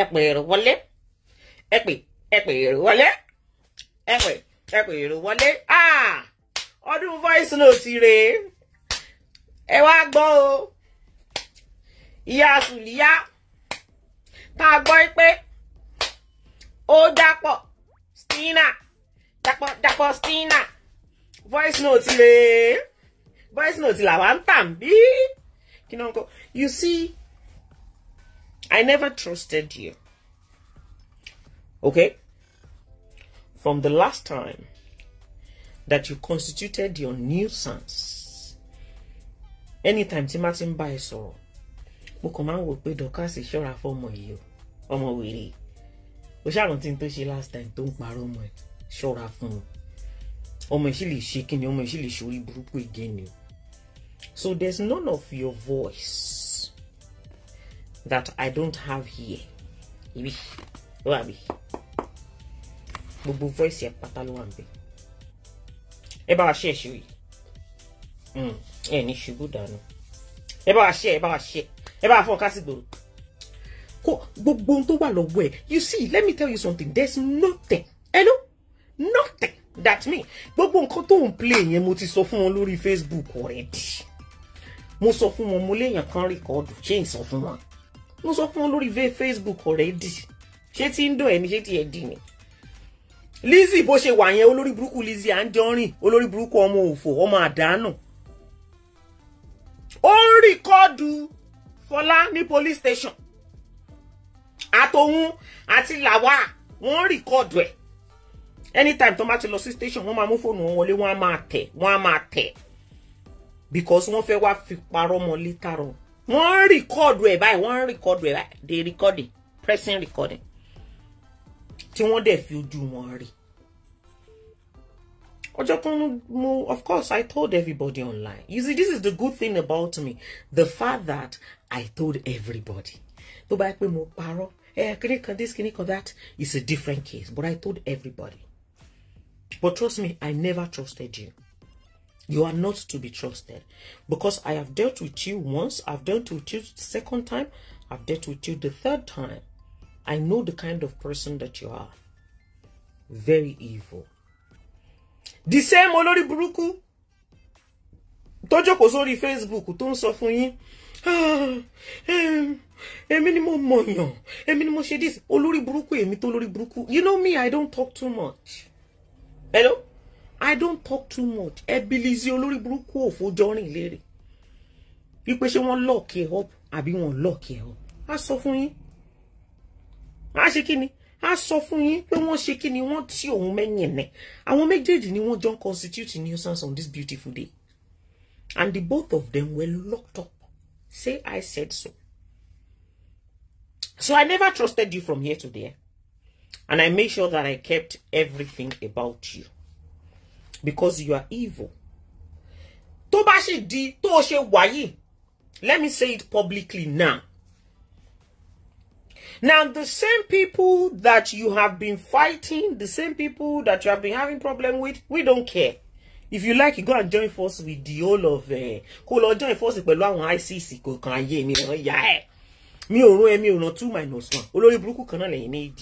ẹ pè èrò wọlé ẹ pè ẹ pè èrò wọlé ẹ pè ẹ pè èrò wọlé ọdún voice note rèé ẹ wá gbọ́ o ìyá sùlíyá tá a gbọ́ pé ó dàpọ̀ stina dàpọ̀ dàpọ̀ stina voice note rèé voice note làwa ń tà ń bí kí ni wọn kọ you see. I never trusted you. Okay? From the last time that you constituted your nuisance, anytime tí máa ti buys or bá will pay. sọ̀rọ̀, mo kàn máa ń wò you. dọ́kàsì ṣọ́ra fọ́mọ yìí o, ọmọ wèrè. O tó she last time Don't parọ́ my ẹ̀ ṣọ́ra fún un. my ẹ̀ sì lè ṣe she ni again So there's none of your voice that I don't have here. Ibi. Ló wà bí. voice here, patalo ló Eba níbẹ̀. Ẹ bá wa ṣe ẹ̀ṣin yìí. Ẹ ní ṣubú dànù. eba bá wa ṣe ẹ bá wa ṣe ẹ wa fọ́n ká sí gbòòrò. Kò gbogbo ohun tó You see, let me tell you something. There's nothing. Hello? Nothing. That's me. Bubu nǹkan tó ń play yẹn mo ti sọ lori Facebook already. Mo sofun fún wọn mo léèyàn kan rìkọ́ọ̀dù ṣé ń sọ mo sọ fún wọn lórí Facebook already ṣé tí ń dọ̀ ẹni ṣé tí ẹ̀ dì ni Lizzy bó ṣe wà yẹn olórí burúkú Lizzy Anjorin olórí burúkú ọmọ òfò ọmọ àdánù ó ń rìkọ́ọ̀dù Fọlá ní police station àtòun àti làwà wọ́n ń rìkọ́ọ̀dù ẹ̀ anytime tó bá ti lọ sí station wọ́n máa mú fóònù wọn wọlé wọ́n á máa tẹ̀ wọ́n á máa tẹ̀ because wọ́n fẹ́ wá fi parọ́ mọ́ létàrọ̀ One record, ẹ̀ báyìí wọ́n record ẹ̀ they recording pressing recording tí wọ́n dẹ̀ fi ojú wọn of course I told everybody online you see this is the good thing about me the fact that I told everybody tó buy yẹ pé mo parọ́ eh, this kíní that is a different case but I told everybody but trust me I never trusted you you are not to be trusted. Because I have dealt with you once, I've dealt with you the second time, I've dealt with you the third time. I know the kind of person that you are. Very evil. The same olórí burúkú tó jókòó Facebook tó ń sọ fún yín ah, èmi ni mo mọ̀yàn èmi mo ṣe this olórí burúkú èmi tó olori burúkú you know me I don't talk too much hello I don't talk too much ẹbí Lizzy olórí burúkú òfojọ́rìn léèrè wípé ṣé wọ́n lock ẹ̀ up àbí wọ́n lock ẹ̀ up a sọ fún yín a ṣe kí ni a sọ fún yín pé wọ́n ṣe kí ni wọ́n tí òun mẹ́yìn ẹ̀ àwọn méjèèjì ni wọ́n jọ constitute nuisance on this beautiful day and the both of them were locked up say I said so so I never trusted you from here to there and I made sure that I kept everything about you because you are evil tó di tó ṣe let me say it publicly now now the same people that you have been fighting the same people that you have been having problem with we don't care if you like you go and join force with the all of Go eh, and join force pẹ̀lú àwọn ICC 2 one olori buruku kan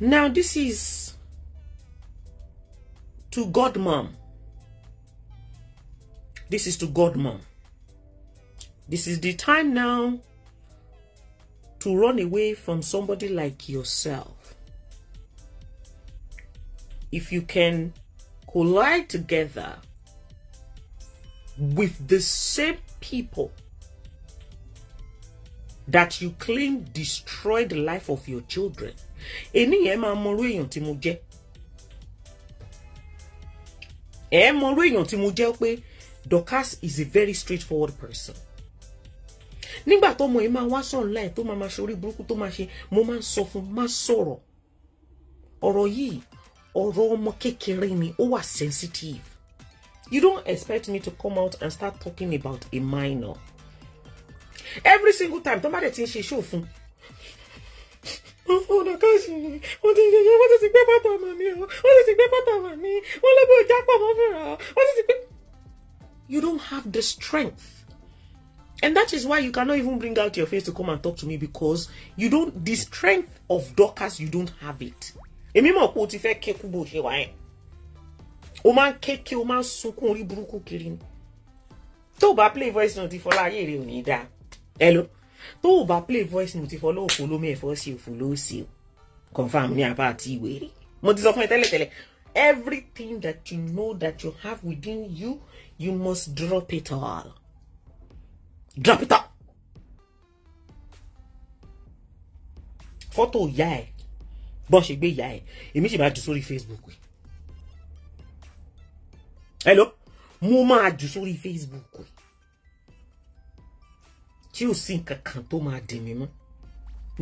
now this is to God mom. This is to God mom. This is the time now to run away from somebody like yourself. If you can collide together with the same people that you claim destroyed the life of your children. Ènìyàn máa mọ ma mo ti mo je ẹ mọ irú èèyàn tí mo jẹ́ pé Dorkas is a very straightforward person nígbà tó ọmọ yìí máa wá sọ̀rọ̀ láì tó máa ma ṣe orí burúkú tó máa ṣe mo máa ń sọ fún má sọ̀rọ̀ ọ̀rọ̀ yìí ọ̀rọ̀ ọmọ kékeré ni ó wà sensitive you don't expect me to come out and start talking about a minor every single time tó bá dẹ̀ ti ń ṣe ṣòfin wọ́n fún ọ̀nà káàṣì wọ́n ti ṣe wọ́n ti ti gbé pátá ọmọ mi o wọ́n ti ti gbé pátá ọmọ mi wọ́n ló bó jápọ̀ mọ́ fúnra wọ́n ti ti gbé. You don't have the strength. And that is why you cannot even bring out your face to come and talk to me because you don't the strength of Dorcas you don't have it. Èmi mọ̀ pé o ti fẹ́ ké kú bó ṣe wà yẹn. O máa ń kéke o máa ń sunkún orí burúkú kiri ni. Tó o bá play voice note ìfọláyé rẹ̀ ò ní dáa. Hello tó o bá play voice note ìfọlọ́ òfò lómi ẹ̀fọ́ sí òfò sí o confam ní apá àti ìwé rẹ̀ mo ti sọ fún ẹ tẹ́lẹ̀tẹ́lẹ̀ everything that you know that you have within you you must drop it all drop it all fọ́tò ìyá ẹ̀ bọ́n ṣe gbé ìyá ẹ̀ èmi sì máa jù sórí Facebook yìí hello mo máa jù sórí Facebook yìí tí ò sí nǹkan kan tó máa dì mí mú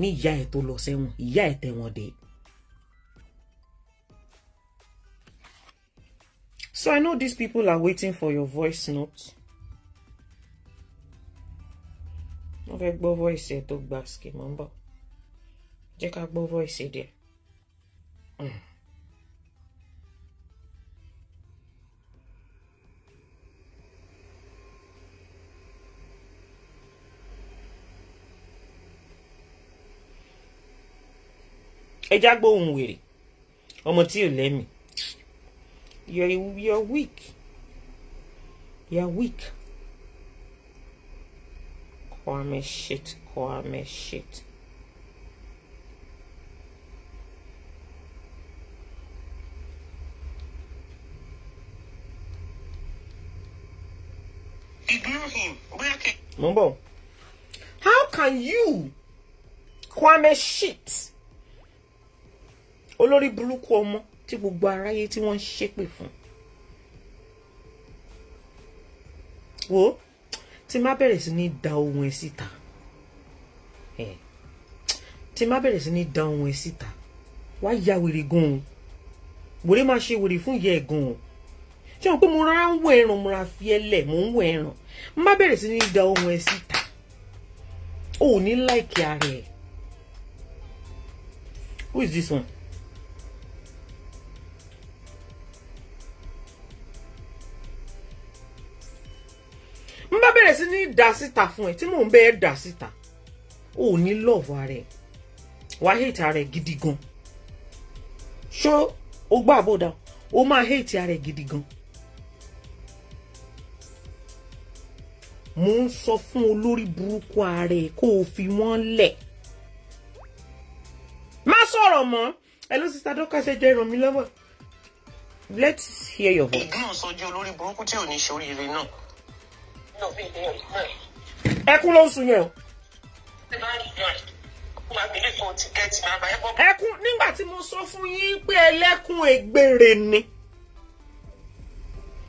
ní ìyá ẹ̀ tó lọ sẹ́wọ̀n ìyá ẹ̀ tẹ̀wọ̀n dé. So I know these people are waiting for your voice note. wọ́n fẹ́ gbọ́ voice ẹ̀ tó gbà ski mọ́ ń bọ̀ jẹ́ ká gbọ́ voice ẹ̀ díẹ̀. Mm. ẹja gbóhùn wèrè ọmọ tí ò lẹ́mì you are you're weak you are weak Kwame shit Kwame shit. Ignore him. Where can... Mumbo. How can you, Kwame shit? olórí burúkú ọmọ tí gbogbo aráyé tí wọ́n ń ṣépè fún. wo tí má bẹ̀rẹ̀ sí ní da ohun ẹ̀ síta tí má bẹ̀rẹ̀ sí ní da ohun ẹ̀ síta wá ya wèrè gan-an wèrè máa ṣe wèrè fún ìyá ẹ̀ gan-an ṣé wọn pé mo rárá ń wọ ẹran mo ra fi ẹlẹ̀ mo ń wọ ẹran má bẹ̀rẹ̀ sí ní da ohun ẹ̀ síta ò ní láìkí ara ẹ̀ who is this one. dà síta fún ẹ tí mò ń bẹ ẹ síta ò ní lọ́ọ̀fù ara ẹ wàá hate ara ẹ gidi gan ṣó o gbà bóda o máa hate ara ẹ gidi gan mò ń sọ fún olórí burúkú ara ẹ kó o fi wọ́n lẹ̀ má sọ̀rọ̀ mọ́ ẹ ló sista dọ́kà ṣe jẹ́ ràn mí lọ́wọ́ let's hear your voice. ìgbín ọ̀sán jẹ́ olórí burúkú tí ò ní ṣe oríire náà ẹkún ló ń sun yẹn o. ẹkún nígbà tí mo sọ fún yín pé ẹlẹ́kún ègbèrè ni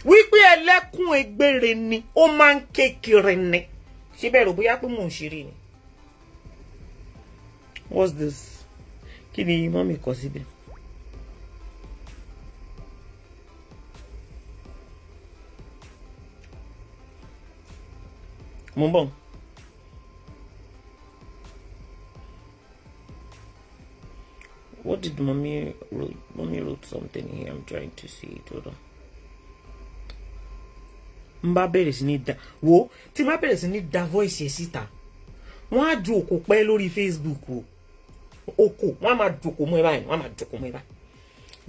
wípé ẹlẹ́kún ègbèrè ni ó máa ń kékeré ni síbẹ̀ rò bóyá pé mò ń ṣeré ni. what's this kí ni mọ́mì kọ síbẹ̀. Bumbum. What did mommy wrote? Mommy wrote something here. I'm trying to see it. Hold on. n bá bẹ̀rẹ̀ sí ní da wo tí n bá voice yẹn síta wọ́n á ju òkò pẹ́ lórí Facebook o òkò wọ́n á máa jòkó mọ́ ẹ báyìí jòkó mọ́ ẹ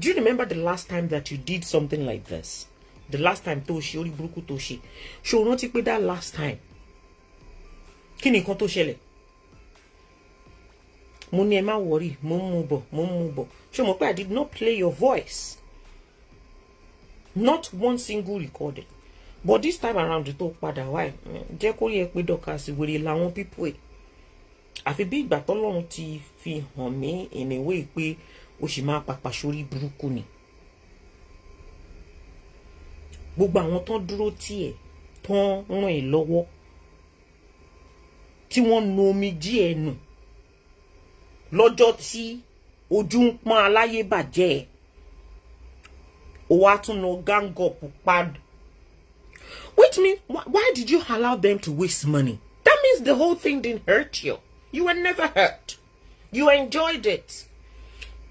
do you remember the last time that you did something like this the last time Toshi ṣe orí Toshi. tó ṣe ṣòro rántí pé that last time kí ni nǹkan tó ṣẹlẹ̀ mo ní ẹ má wọrí mo ń mú bọ̀ mo ń mú bọ̀ ṣé mo pé I did not play your voice not one single recording but this time around tó padà wá ẹ eh, jẹ́ kó rí ẹ pé dọ́kasì wèrè làwọn pípọ̀ ẹ̀ àfi bí ìgbà tọ́lọ́run ti fi hàn mí ìnáwó yìí pé o sì máa pàpà sórí burúkú ni gbogbo àwọn tán dúró tiẹ̀ tán ràn ẹ́ lọ́wọ́ tí wọ́n lọ́jọ́ tí pọ́n aláyé bàjẹ́ ó wá tún lọ gang up pad which means why did you allow them to waste money that means the whole thing didn't hurt you you were never hurt you enjoyed it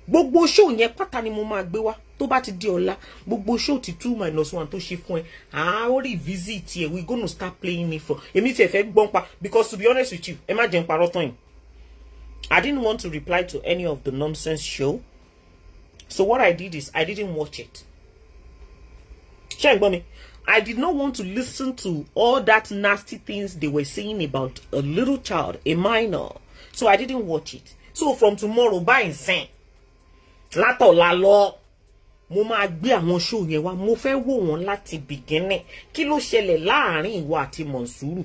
gbogbo show yẹn mo gbé wá tó bá ti di ọ̀la gbogbo show ti two minus one tó ṣe fún ẹ àá rí visit ẹ we gonna start playing me for èmi tiẹ̀ fẹ́ gbọ́n pa because to be honest with you ẹ má jẹun parọ́ tán yìí I didn't want to reply to any of the nonsense show so what I did is I didn't watch it ṣé ẹ gbọ́ mi I did not want to listen to all that nasty things they were saying about a little child a minor so I didn't watch it so from tomorrow báyìí sẹ́yìn látọ̀la lọ mo máa gbé àwọn show yẹn wá mo fẹ́ wò wọ́n láti bìgínní kí ló ṣẹlẹ̀ láàrin ìwọ àti Mọ̀nsúrù